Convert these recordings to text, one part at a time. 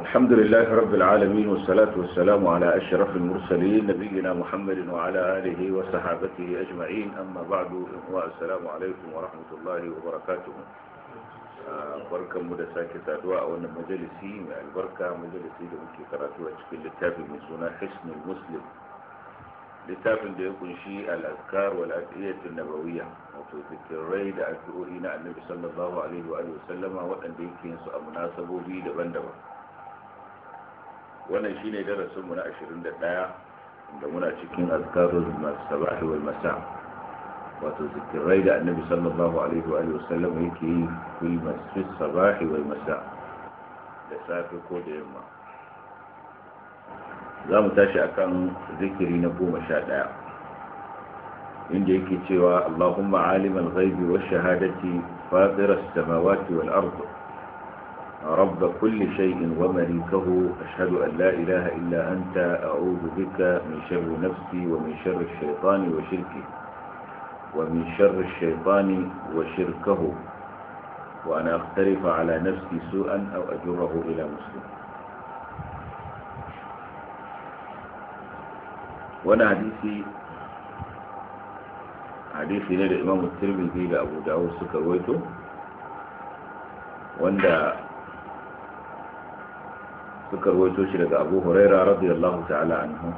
الحمد لله رب العالمين والصلاة والسلام على أشرف المرسلين نبينا محمد وعلى آله وصحابته أجمعين أما بعد والسلام عليكم ورحمة الله وبركاته آه، بركة مدساكة أدواء وأن مجلسي البركة يعني مجلسي لمكي قرأتوا أشكل لتاب من سنة حسن المسلم لتاب da ya شيء الأذكار wal النبوية nabawiyya wato zikirai da addu'o'i na صلى الله عليه وآله وسلم وأن yake yin su wannan shi ne darasinmu na 21 da muna cikin azkarul masabahi wal masa wato zikirai da annabi sallallahu alaihi wa sallam yake yi fil masjid sabahi wal masa da safe ko da yamma za mu tashi akan zikiri na goma sha ɗaya inda yake cewa allahumma alimal ghaibi wash shahadati fatira as-samawati wal ardi رب كل شيء ومليكه أشهد أن لا إله إلا أنت أعوذ بك من شر نفسي ومن شر الشيطان وشركه ومن شر الشيطان وشركه وأنا أقترف على نفسي سوءا أو أجره إلى مسلم وانا حديثي حديثي للإمام الترمذي لأبو داود سكويته وانا ذكر ويتوش لك أبو هريرة رضي الله تعالى عنه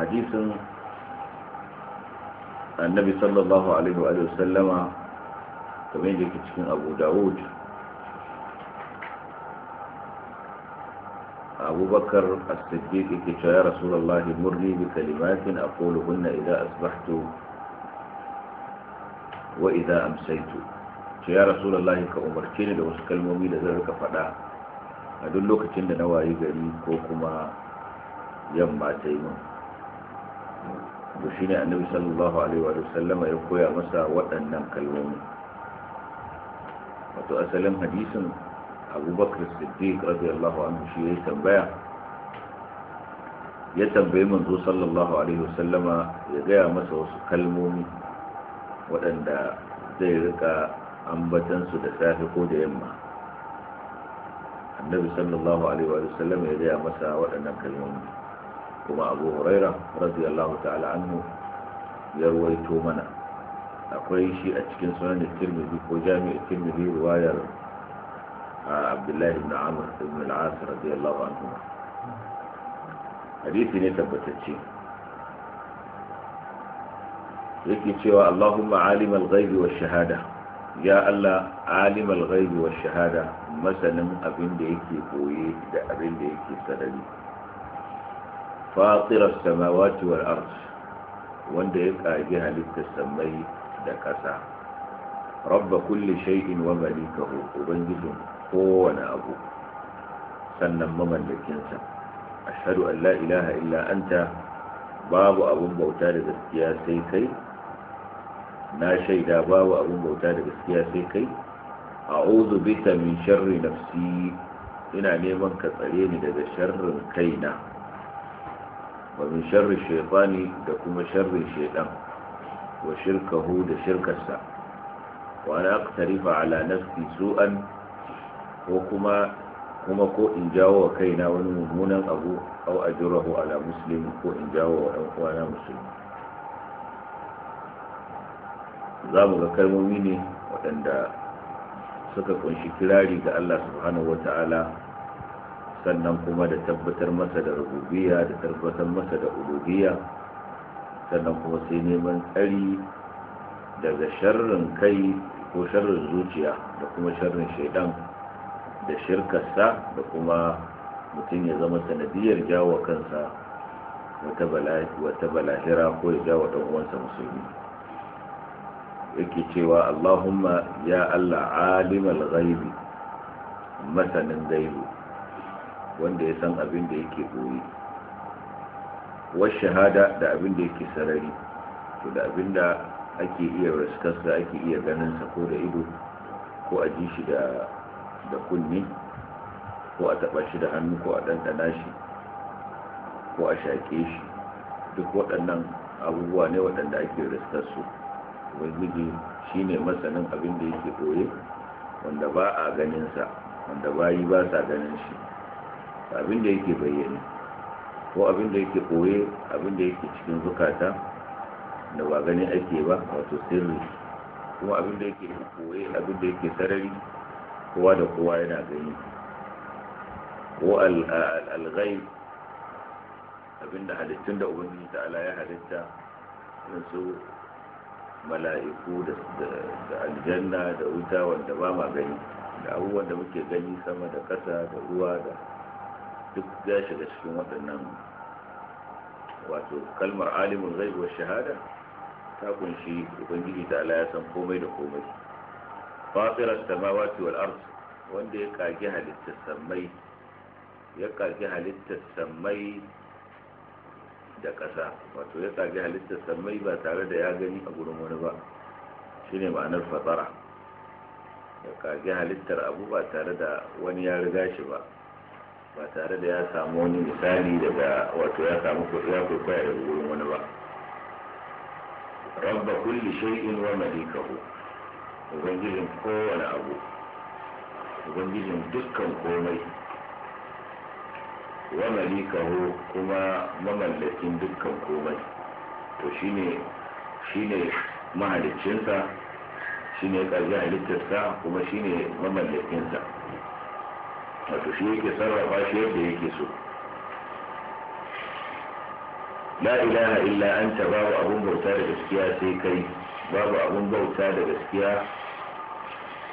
حديث النبي صلى الله عليه وآله وسلم كمين لك تكون أبو داود أبو بكر الصديق كتا يا رسول الله مرني بكلمات أقولهن إذا أصبحت وإذا أمسيت ce ya rasulullahi ka umarce ni da wasu kalmomi da zai rika fada? a duk lokacin da na wayi gari ko kuma yamma ta yi min to ne annabi sallallahu alaihi wa sallama ya koya masa waɗannan kalmomi wato asalin hadisin abubakar siddiq radiyallahu anhu shi ya tambaya ya tambayi manzo sallallahu alaihi wasallama ya gaya masa wasu kalmomi waɗanda zai rika ambatansu da safe ko da yamma annabi sallallahu alaihi wa sallam ya gaya masa waɗannan kalmomi kuma abu huraira radiyallahu ta'ala anhu ya ruwaito mana akwai shi a cikin sunan tirmidhi ko jami'ar tirmidhi riwayar abdullahi ibn amr ibn al-as radiyallahu anhu hadisi ne tabbatacce yake cewa allahumma alim al ghaibi wash shahada ya Allah alimal ghaibi wa shahada masanin abin da yake koye da abin da yake sarari fatirar samawati wal ard wanda ya kaji halittar samai da ƙasa rabba kulli shay'in wa malikahu ubangijin kowane abu sannan mamallakinsa ashhadu an la ilaha illa anta babu abun bauta da gaskiya sai kai na shaida babu abin bauta da gaskiya sai kai ozu bita min sharri nafsi ina neman ka tsare ni daga sharrin kaina wa min sharri da kuma sharrin shaidan wa shirkahu da shirkarsa wa ana ala nafsi su'an ko kuma kuma ko in jawo wa kaina wani mummunan abu au ajrahu ala muslim ko in jawo wa ɗan uwana musulmi za mu ga kalmomi ne waɗanda suka kunshi kirari ga Allah subhanahu wata'ala sannan kuma da tabbatar masa da rububiya da tabbatar masa da uluhiyya sannan kuma sai neman tsari daga sharrin kai ko sharrin zuciya da kuma sharrin shaidan da shirkarsa da kuma mutum ya zama sanadiyar jawo kansa wata balahira ko ya jawo ɗan uwansa musulmi yake cewa Allahumma ya Allah alimal ghaibi masanin gaibu wanda ya san abin da yake koyi wasu shahada da abin da yake sarari to da abin da ake iya riskarsa ake iya ganinsa ko da ido ko a ji shi da kunni ko a taba shi da hannu ko a ɗanɗana shi ko a shaƙe shi duk waɗannan abubuwa ne waɗanda ake riskarsu ubangiji shine masanin abin da yake koye wanda ba a ganinsa wanda bayi ba sa ganin shi abin da yake bayyana, ko abin da yake koye abin da yake cikin zukata da ba gani ake ba wato sirri kuma abin da yake koye abin da yake sarari kowa da kowa yana gani ko al-ghaib abin da halittun da ubangiji ta'ala ya halitta irin su mala'iku da aljanna da wuta wanda ba ma gani da abubuwan da muke gani sama da ƙasa da ruwa da duk ya shiga cikin waɗannan wato kalmar alimin zaiwar shahada ta kunshi ubangiji ta ala ya san komai da komai fasirar samawati wal ard wanda ya kage halittar sammai ya kage halittar sammai da ƙasa wato ya tsage halittar sammai ba tare da ya gani a gurin wani ba shine ma'anar fatsara ya kage halittar abu ba tare da wani ya riga shi ba ba tare da ya samu wani misali daga wato ya samu ya kwaikwaya daga gurin wani ba rabba kulli shay'in wa malikahu ubangijin kowane abu ubangijin dukkan komai wa malikahu kuma mamallakin dukkan komai to shine shine mahaliccinsa shine ƙarfi halittarsa kuma shine mamallakinsa wato shi yake sarrafa shi yadda yake so la ilaha illa anta babu abun bauta da gaskiya sai kai babu abun bauta da gaskiya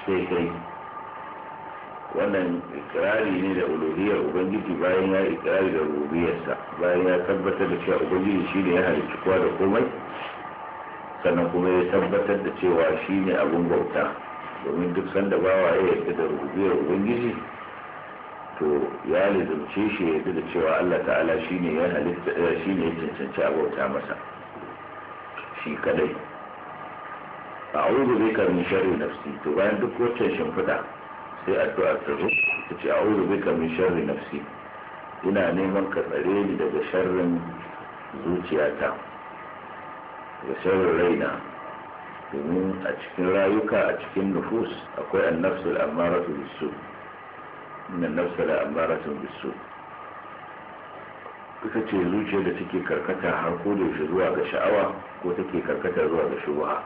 sai kai wannan ikirari ne da uluhiyar ubangiji bayan ya ikirari da rubiyarsa bayan ya tabbatar da cewa ubangiji shi ne ya halittu kowa da komai sannan kuma ya tabbatar da cewa shi ne abin bauta domin duk sanda bawa ya yarda da rubiyar ubangiji to ya lizumce shi ya da cewa allah ta'ala shi ne ya halitta eh, shi ne ya cancanci a bauta masa shi kadai a auzu zai karni shari nafsi to bayan duk waccan shimfiɗa sai addu'a ta zo ta ce a wuri bika min sharri nafsi ina neman ka tsare ni daga sharrin zuciyata da sharrin raina domin a cikin rayuka a cikin nufus akwai da ammaratu bisu nafsu da ammaratu bisu ita ce zuciya da take karkata har ko da zuwa ga sha'awa ko take karkata zuwa ga shubha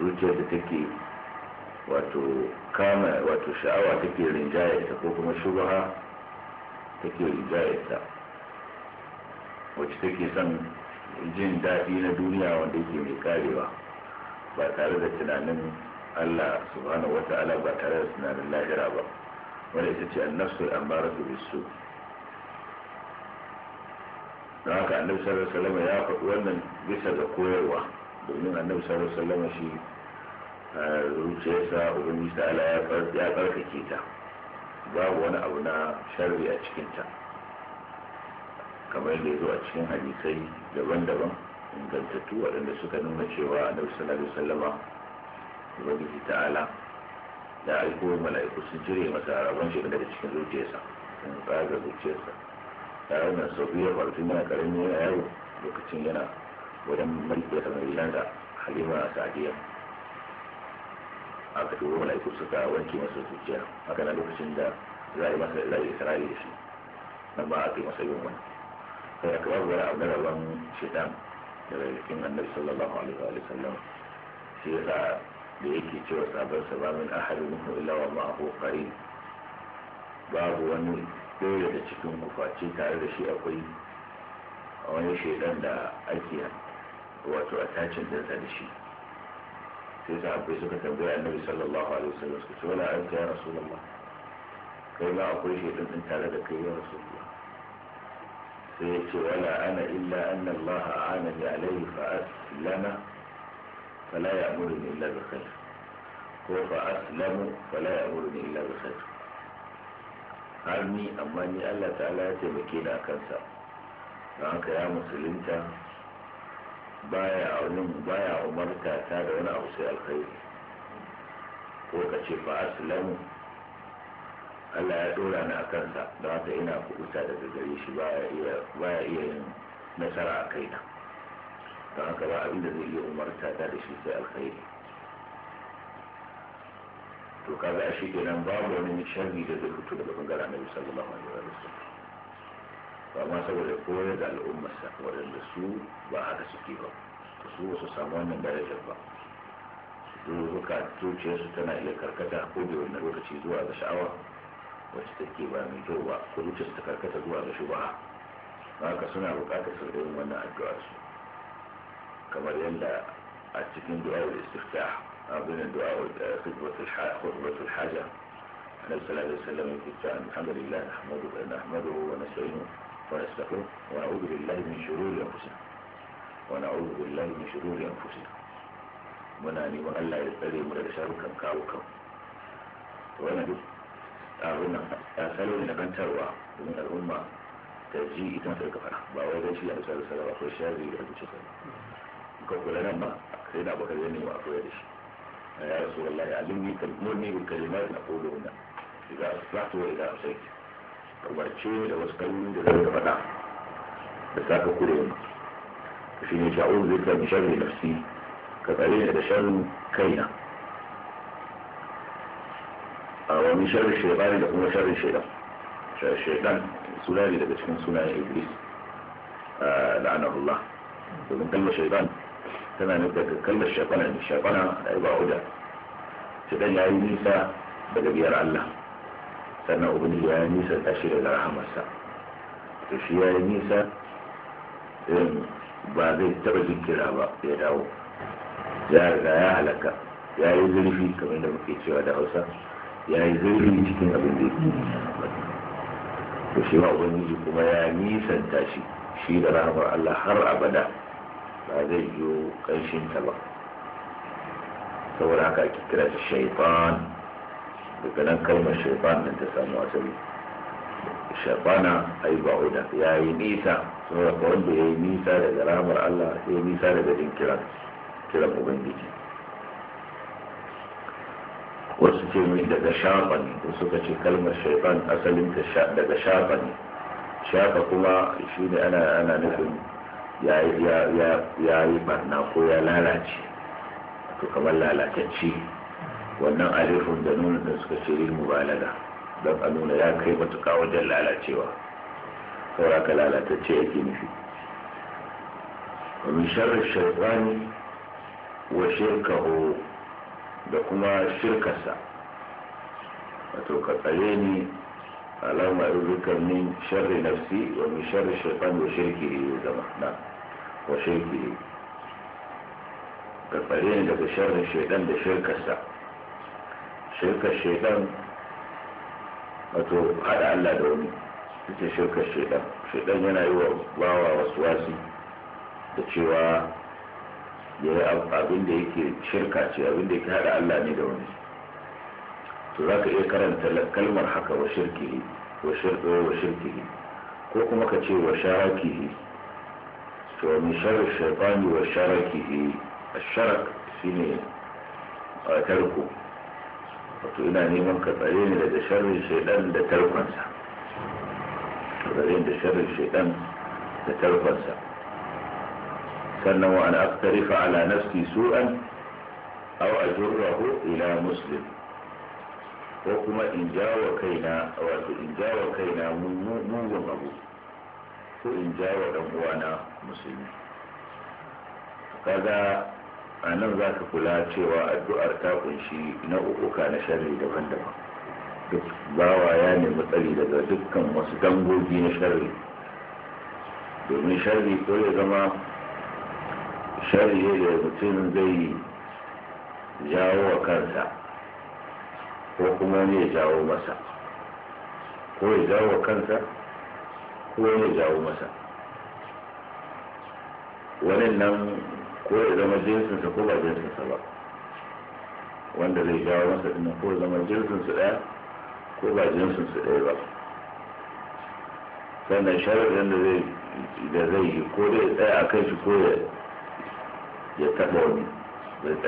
zuciya da take wato kama wato sha'awa take rinjayarta ko kuma shubaha take rinjayarta wacce take son jin daɗi na duniya wanda yake mai karewa ba tare da tunanin allah subhanahu wata'ala ba tare da tunanin lahira ba wanda ita ce annafsul ammaratu bisu don haka annabi sallallahu alaihi wasallam ya faɗi wannan bisa ga koyarwa domin annabi sallallahu alaihi wasallam shi zuciyarsa ubangiji sa'ala ya barkake ta babu wani abu na sharri a cikinta kamar da ya zo a cikin hadisai daban-daban ingantattu waɗanda suka nuna cewa na sallallahu alaihi wasallama ubangiji ala da aiko mala'iku sun cire masa rabon shi daga cikin zuciyarsa sun tsaga zuciyarsa ya yi na biyar farfin yana karami yana yaro lokacin yana wajen mulki da halima a sa'adiyar aka turo mala'iku suka wanke masa zuciya haka na lokacin da za a yi masa yi da shi nan ba a kai masa yin wani sai da kamar wani abu da rabon shaitan daga jikin annabi sallallahu alaihi wa sallam shi sa da yake cewa sabon sa ba min ahadin minhu illa kare. babu wani ɗaya da cikin kufaci tare da shi akwai wani shaidan da ake wato attachin ɗinsa da shi sai sa akwai suka tambaya annabi sallallahu alaihi wasallam suka ce wala anta ya rasulullah kai ma akwai shaidan din tare da kai ya rasulullah sai ya ce wala ana illa anna allaha anani alaihi fa aslama fala ya'muruni illa bi khair ko fa aslamu fala ya'muruni illa bi khair har ni amma ni Allah ta'ala ya taimake ni a kansa don haka ya musulunta baya nun baya umarta ta da wani abu sai alkhairi ko ka ce fa aslamu Allah ya dora ni a kansa don haka ina kubuta daga gare shi baya iya baya iya yin nasara a kaina don haka ba abin da zai iya umarta ta da shi sai alkhairi to kaga shi kenan babu wani sharri da zai fito daga bangaren Annabi sallallahu alaihi wasallam ba ma saboda koyar da al'umma nasa waɗanda su ba haka suke ba su ba su samu wannan darajar ba zuka zuciyarsu tana iya karkata ko da wannan lokaci zuwa ga sha'awa wacce take ba mai kyau ba ko zuciyarsu ta karkata zuwa ga shubaha haka suna buƙatar su irin wannan addu'a su kamar yadda a cikin du'a da istiftah abin da du'a da khutbatul haja annabi sallallahu alaihi wasallam yake cewa alhamdulillah nahmaduhu wa nasta'inuhu ويستغفرون ونعوذ بالله من شرور أنفسنا ونعوذ بالله من شرور أنفسنا من أن يكون الله يستغفر مرسل كم كاو كم ونبي أعلم أسألون أن كان تروى من الأمة تجي إتنا في الكفرة بأولا شيء أن يسأل صلى الله عليه وسلم كوكولا نما سيدنا أبو كذيني وأخو يدش يا رسول الله علمني تدمرني بالكلمات نقولهن إذا أصلحت وإذا أصيت umarce da wasu kalmomin da zai faɗa da safe ku da yamma shi ne sha'ul zai ka bi sharri nafsi ka tsare ni da sharrin kaina a wani sharrin shaitani da kuma sharrin shaitan shaitan suna ne daga cikin sunayen iblis la'anarullah domin kalmar shaitan tana nufi da kalmar shaitana ne shaitana da ba huda shaitan ya yi nisa daga biyar Allah sannan ubangiji ya nisa ta shi daga rahamarsa to shi ya yi nisa ba zai taɓa jinkira ba ya dawo ya riga ya halaka ya yi zurfi kamar da muke cewa da hausa ya yi zurfi cikin abin da yake to shi ma ubangiji kuma ya nisanta shi shi da rahamar Allah har abada ba zai yi kanshin ta ba saboda haka ake kira shi shaitan daga nan kalmar shaitan nan ta samu asali shaitana ai da ya yi nisa saboda wanda ya yi nisa daga ramar Allah ya yi nisa daga jin kiran kiran ubangiji wasu ce mai daga shafa ne wasu ka ce kalmar shaitan asalin ta daga shafa ne shafa kuma shi ne ana nufin ya yi barna ko ya lalace to kamar lalatacce wannan alifun da nuna da suka shirin mubalada mubalaga don a nuna ya kai matuƙa wajen lalacewa saura ka lalata ce yake nufi ومن شر wa shirkaho da kuma shirkasa? wato ka tsaye ne alama rubukar min sharri nafsi wa min sharri shaitan wa ne ya zama na wa ne ka tsaye ne daga sharrin shaitan da shirkasa. shirka shaidan wato haɗa Allah da wani ita shirka shaidan shaidan yana yi wa bawa wasu wasi da cewa ya yi abin da yake shirka ce abin da yake haɗa Allah ne da wani to za ka iya karanta kalmar haka wa shirkihi wa shirkihi ko kuma ka ce wa sharakihi to min sharri shaitani wa sharakihi الشرك shine tarko wato ina neman ka tsare ni daga sharrin shaidan da tarkonsa tsare da sharrin shaidan da tarkonsa sannan wa an aftarifa ala nafsi su'an aw ajurrahu ila muslim ko kuma in jawo kaina wato in jawo kaina mugun abu ko in jawo dan uwana musulmi kaga a nan za ka kula cewa addu'ar ta kunshi na ukuka na sharri daban-daban duk bawa ya nemi tsari daga dukkan wasu dangogi na sharri domin sharri ko ya zama sharri ne da mutum zai jawo wa kansa ko kuma ne ya jawo masa ko ya jawo wa kansa ko ya jawo masa wannan nan ko ya zama jinsinsa ko ba jinsinsa ba wanda zai jawo masa ina ko ya zama jinsinsa ɗaya ko ba jinsinsa ɗaya ba sannan sharaɗin da zai da zai yi ko dai tsaya a kai shi ko ya taɓa wani